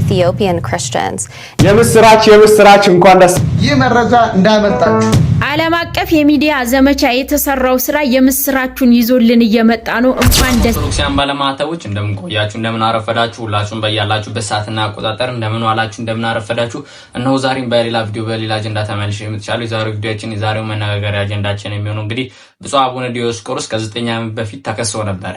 Ethiopian Christians. የምስራች የምስራች እንኳን ደስ ይህ መረጃ ዓለም አቀፍ የሚዲያ ዘመቻ የተሰራው ስራ የምስራቹን ይዞልን እየመጣ ነው። እንኳን ደስ ኦርቶዶክሳውያን ባለማዕተቦች እንደምን አረፈዳችሁ። ሁላችሁም አቆጣጠር እንደምን ዋላችሁ፣ እንደምን አረፈዳችሁ። እነሆ ዛሬም በሌላ ቪዲዮ በሌላ አጀንዳ ተመልሼ የምትቻሉ የዛሬው ቪዲዮችን የዛሬው መነጋገሪያ አጀንዳችን የሚሆነው እንግዲህ ብፁዕ አቡነ ዲዮስቆሮስ ከዘጠኝ ዓመት በፊት ተከሰው ነበረ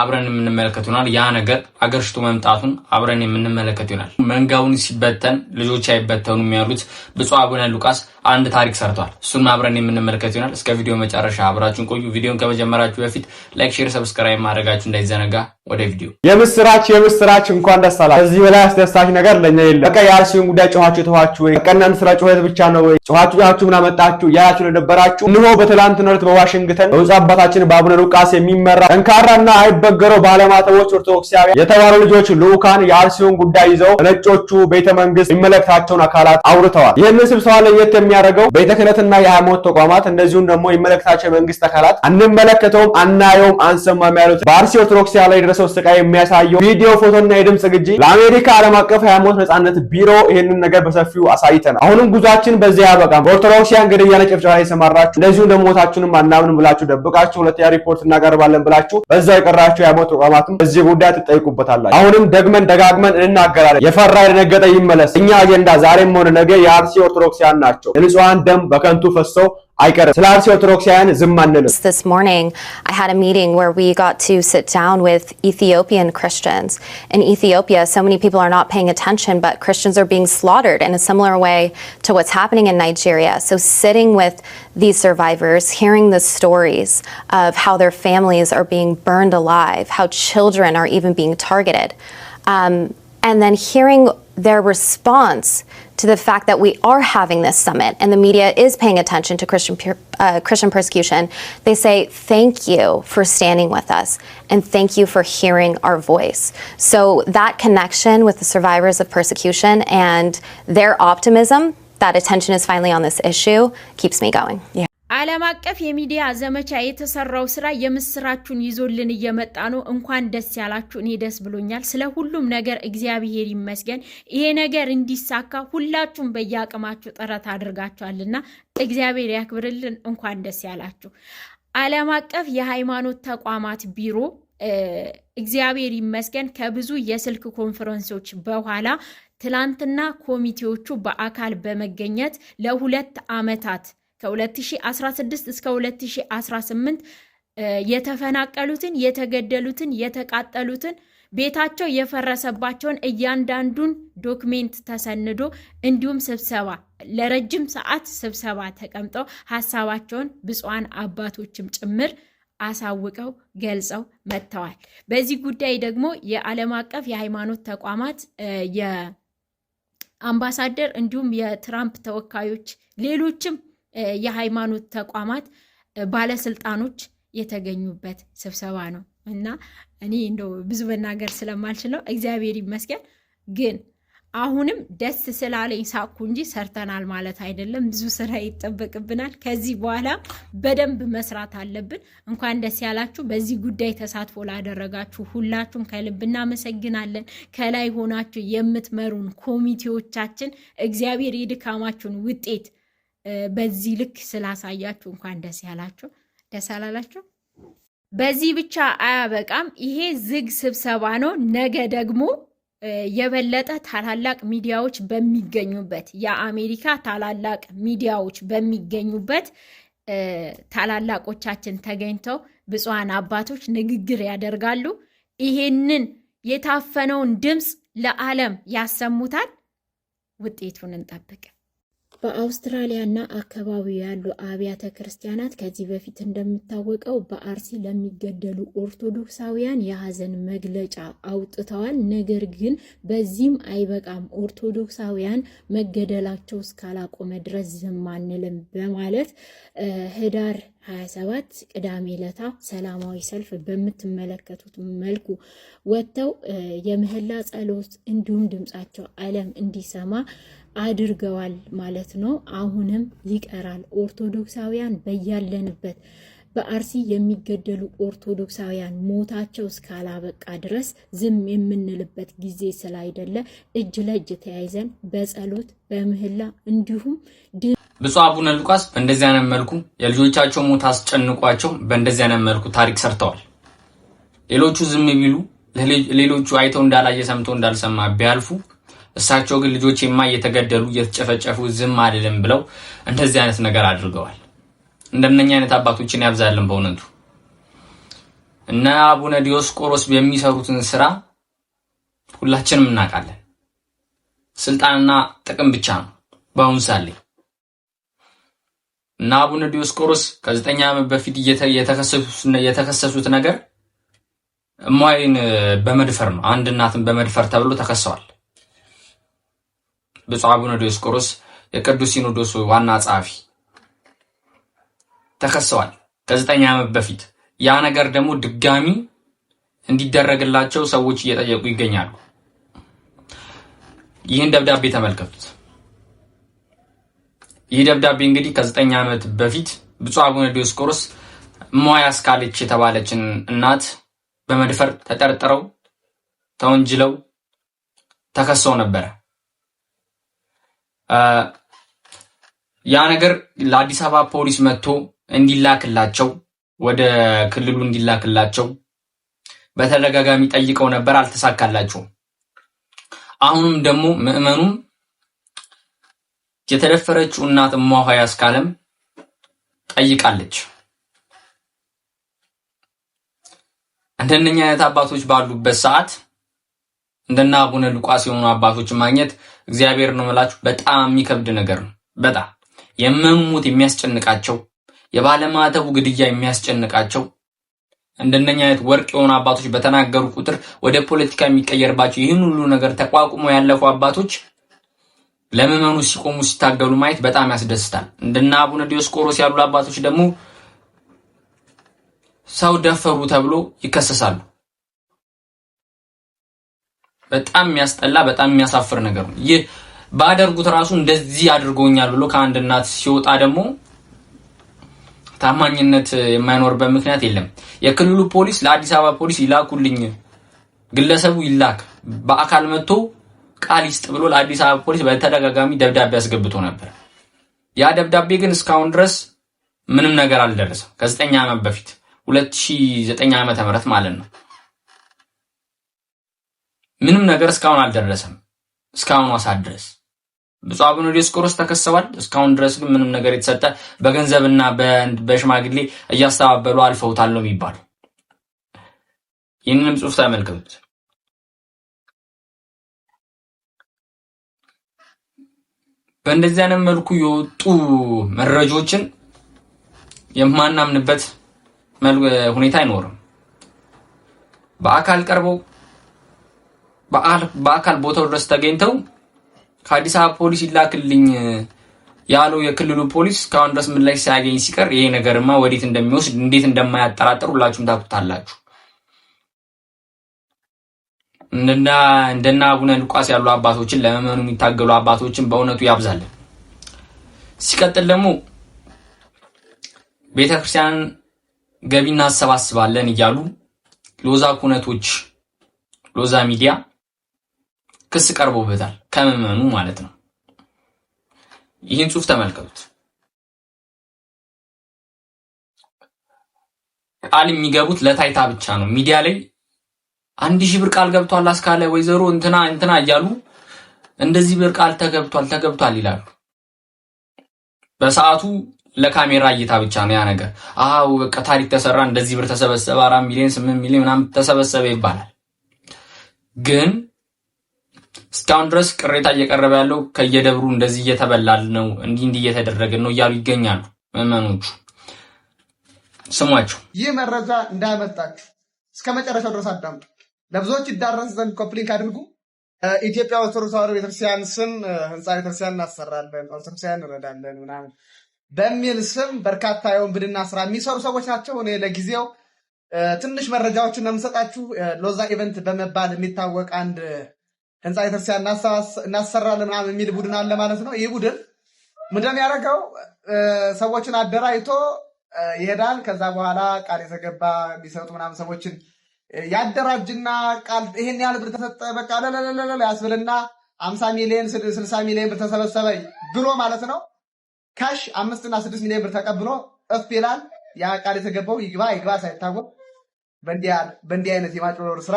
አብረን የምንመለከት ይሆናል። ያ ነገር አገርሽቶ መምጣቱን አብረን የምንመለከት ይሆናል። መንጋውን ሲበተን ልጆች አይበተኑም ያሉት ብፁዕ አቡነ ሉቃስ አንድ ታሪክ ሰርቷል። እሱን አብረን የምንመለከት ይሆናል። እስከ ቪዲዮ መጨረሻ አብራችሁን ቆዩ። ቪዲዮን ከመጀመራችሁ በፊት ላይክ፣ ሼር፣ ሰብስክራይብ ማድረጋችሁ እንዳይዘነጋ። ወደ ቪዲዮ። የምስራች የምስራች! እንኳን ደስ አላችሁ። እዚህ በላይ አስደሳች ነገር ለኛ የለም። በቃ የአርሲውን ጉዳይ ጨዋችሁ ተዋችሁ ወይ? በቃ ስራ ጩኸት ብቻ ነው ወይ? ጮኋችሁ ጮኋችሁ ምን አመጣችሁ እያላችሁ ለነበራችሁ እንሆ በትላንትና ዕለት በዋሽንግተን በብፁዕ አባታችን በአቡነ ሉቃስ የሚመራ ጠንካራና አይበገረው ባለማተቦች ኦርቶዶክሳውያን የተባሉ ልጆች ልዑካን የአርሲውን ጉዳይ ይዘው ነጮቹ ቤተ መንግስት የሚመለከታቸውን አካላት አውርተዋል። ይህንን ስብሰባ ለየት የሚያደርገው ቤተ ክህነትና የሃይማኖት ተቋማት እንደዚሁም ደግሞ የሚመለከታቸው የመንግስት አካላት አንመለከተውም፣ አናየውም፣ አንሰማም ያሉት በአርሲ ኦርቶዶክሳውያን ላይ የደረሰው ስቃይ የሚያሳየው ቪዲዮ፣ ፎቶና የድምፅ ግጂ ለአሜሪካ ዓለም አቀፍ የሃይማኖት ነፃነት ቢሮ ይህንን ነገር በሰፊው አሳይተናል። አሁንም ጉዟችን በዚህ ያበቃም። በኦርቶዶክሲያን ግድያና ጭፍጨፋ የሰማራችሁ እንደዚሁም ደግሞ ሞታችሁንም አናምንም ብላችሁ ደብቃችሁ ሁለተኛ ሪፖርት እናቀርባለን ብላችሁ በዛ የቀራችሁ የሃይማኖት ተቋማትም በዚህ ጉዳይ ትጠይቁበታላችሁ። አሁንም ደግመን ደጋግመን እንናገራለን። የፈራ የደነገጠ ይመለስ። እኛ አጀንዳ ዛሬም ሆነ ነገ የአርሲ ኦርቶዶክሲያን ናቸው። This morning I had a meeting where we got to sit down with Ethiopian Christians. In Ethiopia, so many people are not paying attention, but Christians are being slaughtered in a similar way to what's happening in Nigeria. So sitting with these survivors, hearing the stories of how their families are being burned alive, how children are even being targeted. Um, and then hearing their response to the fact that we are having this summit and the media is paying attention to Christian, uh, Christian persecution, they say, Thank you for standing with us and thank you for hearing our voice. So that connection with the survivors of persecution and their optimism that attention is finally on this issue keeps me going. Yeah. ዓለም አቀፍ የሚዲያ ዘመቻ የተሰራው ስራ የምስራችሁን ይዞልን እየመጣ ነው። እንኳን ደስ ያላችሁ። እኔ ደስ ብሎኛል። ስለ ሁሉም ነገር እግዚአብሔር ይመስገን። ይሄ ነገር እንዲሳካ ሁላችሁም በየአቅማችሁ ጥረት አድርጋችኋልና እግዚአብሔር ያክብርልን። እንኳን ደስ ያላችሁ። ዓለም አቀፍ የሃይማኖት ተቋማት ቢሮ እግዚአብሔር ይመስገን ከብዙ የስልክ ኮንፈረንሶች በኋላ ትላንትና ኮሚቴዎቹ በአካል በመገኘት ለሁለት ዓመታት ከ2016 እስከ 2018 የተፈናቀሉትን፣ የተገደሉትን፣ የተቃጠሉትን ቤታቸው የፈረሰባቸውን እያንዳንዱን ዶክሜንት ተሰንዶ እንዲሁም ስብሰባ ለረጅም ሰዓት ስብሰባ ተቀምጠው ሀሳባቸውን ብፁዓን አባቶችም ጭምር አሳውቀው ገልጸው መጥተዋል። በዚህ ጉዳይ ደግሞ የዓለም አቀፍ የሃይማኖት ተቋማት የአምባሳደር እንዲሁም የትራምፕ ተወካዮች ሌሎችም የሃይማኖት ተቋማት ባለስልጣኖች የተገኙበት ስብሰባ ነው እና እኔ እንደው ብዙ መናገር ስለማልችለው እግዚአብሔር ይመስገን ግን አሁንም ደስ ስላለኝ ሳኩ እንጂ ሰርተናል ማለት አይደለም። ብዙ ስራ ይጠበቅብናል። ከዚህ በኋላ በደንብ መስራት አለብን። እንኳን ደስ ያላችሁ። በዚህ ጉዳይ ተሳትፎ ላደረጋችሁ ሁላችሁም ከልብ እናመሰግናለን። ከላይ ሆናችሁ የምትመሩን ኮሚቴዎቻችን እግዚአብሔር የድካማችሁን ውጤት በዚህ ልክ ስላሳያችሁ እንኳን ደስ ያላችሁ ደስ አላላችሁ? በዚህ ብቻ አያበቃም። ይሄ ዝግ ስብሰባ ነው። ነገ ደግሞ የበለጠ ታላላቅ ሚዲያዎች በሚገኙበት የአሜሪካ ታላላቅ ሚዲያዎች በሚገኙበት ታላላቆቻችን ተገኝተው ብፁዓን አባቶች ንግግር ያደርጋሉ። ይሄንን የታፈነውን ድምፅ ለዓለም ያሰሙታል። ውጤቱን እንጠብቅ። በአውስትራሊያና አካባቢው ያሉ አብያተ ክርስቲያናት ከዚህ በፊት እንደሚታወቀው በአርሲ ለሚገደሉ ኦርቶዶክሳውያን የሀዘን መግለጫ አውጥተዋል። ነገር ግን በዚህም አይበቃም፣ ኦርቶዶክሳውያን መገደላቸው እስካላቆመ ድረስ ዝም አንልም በማለት ህዳር 27 ቅዳሜ ለታ ሰላማዊ ሰልፍ በምትመለከቱት መልኩ ወጥተው የምህላ ጸሎት እንዲሁም ድምጻቸው ዓለም እንዲሰማ አድርገዋል ማለት ነው። አሁንም ይቀራል። ኦርቶዶክሳውያን በያለንበት በአርሲ የሚገደሉ ኦርቶዶክሳውያን ሞታቸው እስካላበቃ ድረስ ዝም የምንልበት ጊዜ ስላይደለ እጅ ለእጅ ተያይዘን በጸሎት በምህላ እንዲሁም ብፁዕ አቡነ ሉቃስ በእንደዚህ አይነት መልኩ የልጆቻቸው ሞት አስጨንቋቸው በእንደዚህ አይነት መልኩ ታሪክ ሰርተዋል። ሌሎቹ ዝም ቢሉ፣ ሌሎቹ አይተው እንዳላየ ሰምተው እንዳልሰማ ቢያልፉ፣ እሳቸው ግን ልጆች የማ እየተገደሉ እየተጨፈጨፉ ዝም አይደለም ብለው እንደዚህ አይነት ነገር አድርገዋል። እንደነኛ አይነት አባቶችን ያብዛልን በእውነቱ እነ አቡነ ዲዮስቆሮስ የሚሰሩትን ስራ ሁላችንም እናውቃለን። ስልጣንና ጥቅም ብቻ ነው በአሁን ሳሌ እና አቡነ ዲዮስቆሮስ ከዘጠኝ ዓመት በፊት የተከሰሱት ነገር እማይን በመድፈር ነው። አንድ እናትን በመድፈር ተብሎ ተከሰዋል። ብፁዕ አቡነ ዲዮስቆሮስ የቅዱስ ሲኖዶስ ዋና ጸሐፊ ተከሰዋል ከዘጠኝ ዓመት በፊት። ያ ነገር ደግሞ ድጋሚ እንዲደረግላቸው ሰዎች እየጠየቁ ይገኛሉ። ይህን ደብዳቤ ተመልከቱት። ይህ ደብዳቤ እንግዲህ ከዘጠኝ ዓመት በፊት ብፁዕ አቡነ ዲዮስቆሮስ ሞያ ስካልች የተባለችን እናት በመድፈር ተጠርጥረው ተወንጅለው ተከሰው ነበረ። ያ ነገር ለአዲስ አበባ ፖሊስ መጥቶ እንዲላክላቸው ወደ ክልሉ እንዲላክላቸው በተደጋጋሚ ጠይቀው ነበር። አልተሳካላቸውም። አሁንም ደግሞ ምዕመኑም የተደፈረችው እናት እማሆይ ያስካለም ጠይቃለች። እንደነኛ አይነት አባቶች ባሉበት ሰዓት እንደና አቡነ ሉቃስ የሆኑ አባቶች ማግኘት እግዚአብሔር ነው የምላችሁ በጣም የሚከብድ ነገር ነው። በጣም የመሙት የሚያስጨንቃቸው የባለማተቡ ግድያ የሚያስጨንቃቸው እንደነኛ አይነት ወርቅ የሆኑ አባቶች በተናገሩ ቁጥር ወደ ፖለቲካ የሚቀየርባቸው ይህን ሁሉ ነገር ተቋቁሞ ያለፉ አባቶች ለምዕመኑ ሲቆሙ ሲታገሉ ማየት በጣም ያስደስታል። እንደነ አቡነ ዲዮስቆሮስ ያሉ አባቶች ደግሞ ሰው ደፈሩ ተብሎ ይከሰሳሉ። በጣም የሚያስጠላ በጣም የሚያሳፍር ነገር ነው። ይህ ባደርጉት ራሱ እንደዚህ አድርጎኛል ብሎ ከአንድ እናት ሲወጣ ደግሞ ታማኝነት የማይኖርበት ምክንያት የለም። የክልሉ ፖሊስ ለአዲስ አበባ ፖሊስ ይላኩልኝ፣ ግለሰቡ ይላክ፣ በአካል መጥቶ ቃል ይስጥ ብሎ ለአዲስ አበባ ፖሊስ በተደጋጋሚ ደብዳቤ አስገብቶ ነበር። ያ ደብዳቤ ግን እስካሁን ድረስ ምንም ነገር አልደረሰም። ከዘጠኝ ዓመት በፊት 2009 ዓመተ ምህረት ማለት ነው። ምንም ነገር እስካሁን አልደረሰም። እስካሁን ዋሳት ድረስ ብፁዕ አቡነ ዲዮስቆሮስ ተከሰዋል። እስካሁን ድረስ ግን ምንም ነገር የተሰጠ በገንዘብና በሽማግሌ እያስተባበሉ አልፈውታል ነው የሚባሉ። ይህንንም ጽሑፍ ተመልከቱት። በእንደዚህ አይነት መልኩ የወጡ መረጃዎችን የማናምንበት ሁኔታ አይኖርም። በአካል ቀርበው በአካል ቦታው ድረስ ተገኝተው ከአዲስ አበባ ፖሊስ ይላክልኝ ያለው የክልሉ ፖሊስ እስካሁን ድረስ ምላሽ ሳያገኝ ሲቀር ይሄ ነገርማ ወዴት እንደሚወስድ እንዴት እንደማያጠራጥር ሁላችሁም ታውቁታላችሁ። እንደና አቡነ ሉቃስ ያሉ አባቶችን ለመመኑ የሚታገሉ አባቶችን በእውነቱ ያብዛልን። ሲቀጥል ደግሞ ቤተክርስቲያንን ገቢ እናሰባስባለን እያሉ ሎዛ ኩነቶች ሎዛ ሚዲያ ክስ ቀርቦበታል፣ ከመመኑ ማለት ነው። ይህን ጽሁፍ ተመልከቱት። ቃል የሚገቡት ለታይታ ብቻ ነው። ሚዲያ ላይ አንድ ሺህ ብር ቃል ገብቷል አስካለ ወይዘሮ እንትና እንትና እያሉ እንደዚህ ብር ቃል ተገብቷል ተገብቷል ይላሉ። በሰዓቱ ለካሜራ እይታ ብቻ ነው ያ ነገር። አው በቃ ታሪክ ተሰራ፣ እንደዚህ ብር ተሰበሰበ፣ አራት ሚሊዮን ስምንት ሚሊዮን ምናምን ተሰበሰበ ይባላል። ግን እስካሁን ድረስ ቅሬታ እየቀረበ ያለው ከየደብሩ እንደዚህ እየተበላል ነው፣ እንዲህ እንዲህ እየተደረገን ነው እያሉ ይገኛሉ ምዕመኖቹ። ስሟቸው ይህ መረጃ እንዳያመልጣችሁ እስከ መጨረሻው ድረስ አዳምጡ። ለብዙዎች ይዳረስ ዘንድ ኮፕሊንክ አድርጉ። ኢትዮጵያ ኦርቶዶክስ ተዋህዶ ቤተክርስቲያን ስም ህንፃ ቤተክርስቲያን እናሰራለን፣ ኦርቶዶክስያን እንረዳለን ምናምን በሚል ስም በርካታ የወንብድና ስራ የሚሰሩ ሰዎች ናቸው። እኔ ለጊዜው ትንሽ መረጃዎችን ነው የምሰጣችሁ። ሎዛ ኢቨንት በመባል የሚታወቅ አንድ ህንፃ ቤተክርስቲያን እናሰራለን ምናምን የሚል ቡድን አለ ማለት ነው። ይህ ቡድን ምንድን ያደረገው? ሰዎችን አደራጅቶ ይሄዳል። ከዛ በኋላ ቃል የተገባ የሚሰጡ ምናምን ሰዎችን ያደራጅና ቃል ይሄን ያህል ብር ተሰጠ በቃ ለለለለ ያስብልና አምሳ ሚሊዮን ስልሳ ሚሊዮን ብር ተሰበሰበ ብሎ ማለት ነው። ካሽ አምስትና ስድስት ሚሊዮን ብር ተቀብሎ እፍ ይላል። ያ ቃል የተገባው ይግባ ይግባ ሳይታወቅ በእንዲህ አይነት የማጭበርበር ስራ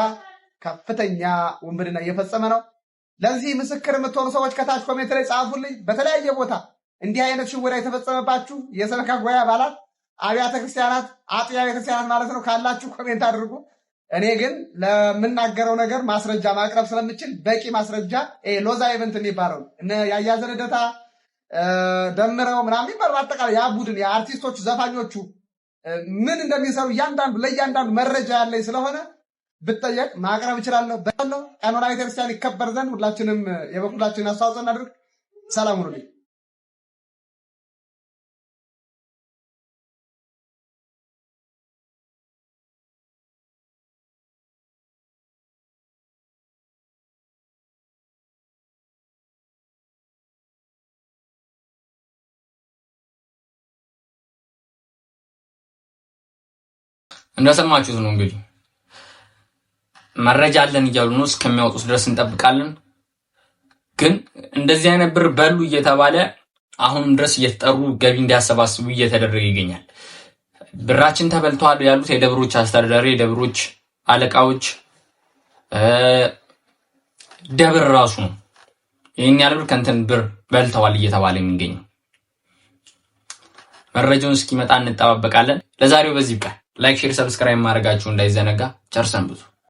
ከፍተኛ ውንብድና እየፈጸመ ነው። ለዚህ ምስክር የምትሆኑ ሰዎች ከታች ኮሜንት ላይ ጻፉልኝ። በተለያየ ቦታ እንዲህ አይነት ሽወዳ የተፈጸመባችሁ የሰበካ ጉባኤ አባላት፣ አብያተ ክርስቲያናት፣ አጥቢያ ቤተክርስቲያናት ማለት ነው ካላችሁ ኮሜንት አድርጉ። እኔ ግን ለምናገረው ነገር ማስረጃ ማቅረብ ስለምችል በቂ ማስረጃ ሎዛ ኢቨንት የሚባለው ያያዘ ልደታ ደምረው ምናምን የሚባለው አጠቃላይ ያ ቡድን የአርቲስቶቹ ዘፋኞቹ ምን እንደሚሰሩ እያንዳንዱ ለእያንዳንዱ መረጃ ያለኝ ስለሆነ ብጠየቅ ማቅረብ እችላለሁ። በለው ቀኖና ቤተክርስቲያን ይከበር ዘንድ ሁላችንም የበኩላችንን አስተዋጽኦ እናድርግ። ሰላም ሁኑልኝ። እንደሰማችሁት ነው እንግዲህ መረጃ አለን እያሉ ነው። እስከሚያወጡት ድረስ እንጠብቃለን። ግን እንደዚህ አይነት ብር በሉ እየተባለ አሁንም ድረስ እየተጠሩ ገቢ እንዲያሰባስቡ እየተደረገ ይገኛል። ብራችን ተበልተዋል ያሉት የደብሮች አስተዳዳሪ፣ የደብሮች አለቃዎች፣ ደብር ራሱ ነው ይህን ያህል ብር ብር በልተዋል እየተባለ የሚገኘው። መረጃውን እስኪመጣ እንጠባበቃለን። ለዛሬው በዚህ ይብቃል። ላይክ፣ ሼር፣ ሰብስክራይብ ማድረጋችሁ እንዳይዘነጋ። ቸር ሰንብቱ።